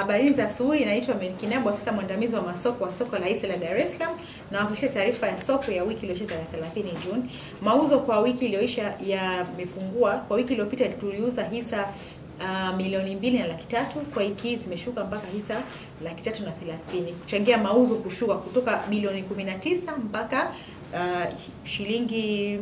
Habari za asubuhi, inaitwa Menkinabu, afisa mwandamizi wa masoko wa soko la hisa la Dar es Salaam, na wakilisha taarifa ya soko ya wiki iliyoisha tarehe 30 Juni. Mauzo kwa wiki iliyoisha yamepungua. Kwa wiki iliyopita tuliuza hisa uh, milioni mbili na laki tatu. Kwa wiki hii zimeshuka mpaka hisa laki tatu na thelathini, kuchangia mauzo kushuka kutoka milioni 19 mpaka uh, shilingi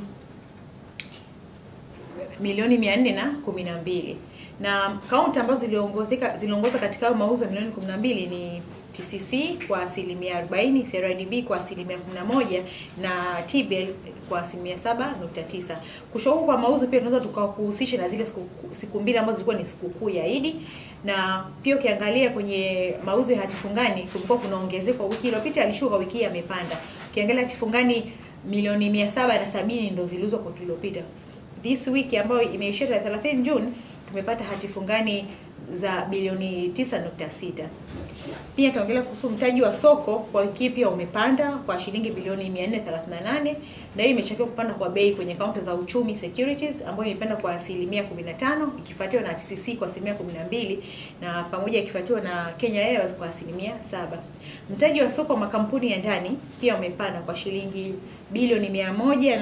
milioni 412 na kaunti ambazo ziliongozeka ziliongoza katika hayo mauzo milioni 12 ni TCC kwa asilimia 40, CRDB kwa asilimia 11 na TBL kwa asilimia 7.9. Kushuka kwa mauzo pia tunaweza tukakuhusisha na zile siku, siku mbili ambazo zilikuwa ni sikukuu ya Idi na pia ukiangalia kwenye mauzo ya hatifungani kulikuwa kuna ongezeko, wiki iliyopita alishuka, wiki hii amepanda. Ukiangalia hatifungani milioni 770 ndo ziliuzwa kwa iliyopita. This week ambayo imeishia 30 June tumepata fungani za bilioni 9.6. Pia taongelea kuhusu mtaji wa soko kwa wiki pia umepanda kwa shilingi bilioni 438, na hiyo imechakiwa kupanda kwa bei kwenye kaunta za uchumi securities ambayo imepanda kwa asilimia 15 ikifuatiwa na TCC kwa asilimia 12 na pamoja ikifuatiwa na Kenya Airways kwa asilimia saba. Mtaji wa soko wa makampuni ya ndani pia umepanda kwa shilingi bilioni 124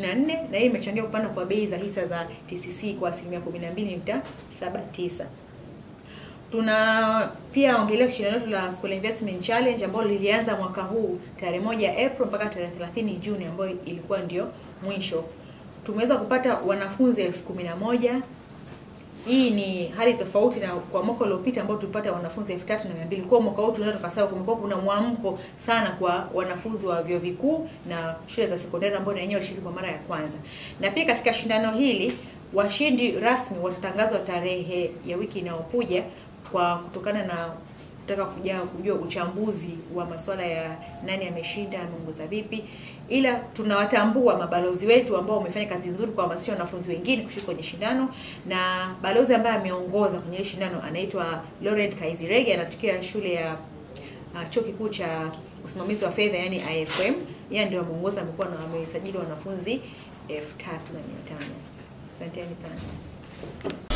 na na hii imechangia kupanda kwa bei za hisa za TCC kwa asilimia 12.79 tuna pia ongelea shindano letu la School Investment Challenge ambalo lilianza mwaka huu tarehe moja April mpaka tarehe 30 Juni ambayo ilikuwa ndio mwisho. Tumeweza kupata wanafunzi elfu kumi na moja. Hii ni hali tofauti na kwa mwaka uliopita ambao tulipata wanafunzi elfu tatu na mia mbili. Kwa mwaka huu tunaweza tukasema kumekuwa kuna mwamko sana kwa wanafunzi wa vyuo vikuu na shule za sekondari ambao na wenyewe walishiriki kwa mara ya kwanza, na pia katika shindano hili washindi rasmi watatangazwa tarehe ya wiki inayokuja kwa kutokana na kutaka kuja kujua uchambuzi wa masuala ya nani ameshinda ameongoza vipi, ila tunawatambua mabalozi wetu ambao wamefanya kazi nzuri kuhamasisha wanafunzi wengine kushiriki kwenye shindano, na balozi ambaye ameongoza kwenye ile shindano anaitwa Laurent Kaizirege, anatokea shule ya uh, chuo kikuu cha usimamizi wa fedha yani IFM. Yeye ndio ameongoza, amekuwa na amesajili wanafunzi 3500. Asanteni sana.